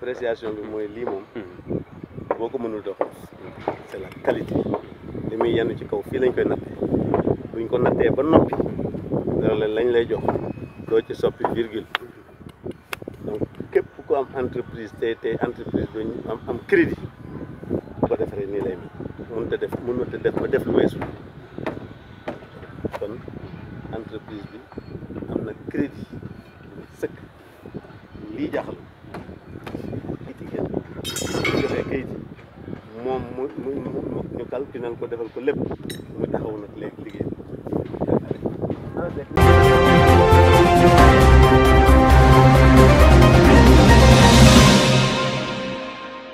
appréciation bi mooy lii moom hmm. boo ko mënul dox c'est la qualité li muy yenn ci kaw fii lañ koy nattee buñ ko nattee ba noppi loolu lañ lay jox doo ci soppi virgule donc képp ku am entreprise tey tey entreprise duñ am am crédit bu ko defaree nii lay mel def mënut a def ba def lu weesu kon entreprise bi am na crédit sëkk lii jaaxal ñu moom mu mu mu ñu calculé ko defal ko lépp mu taxaw nag léegi liggéey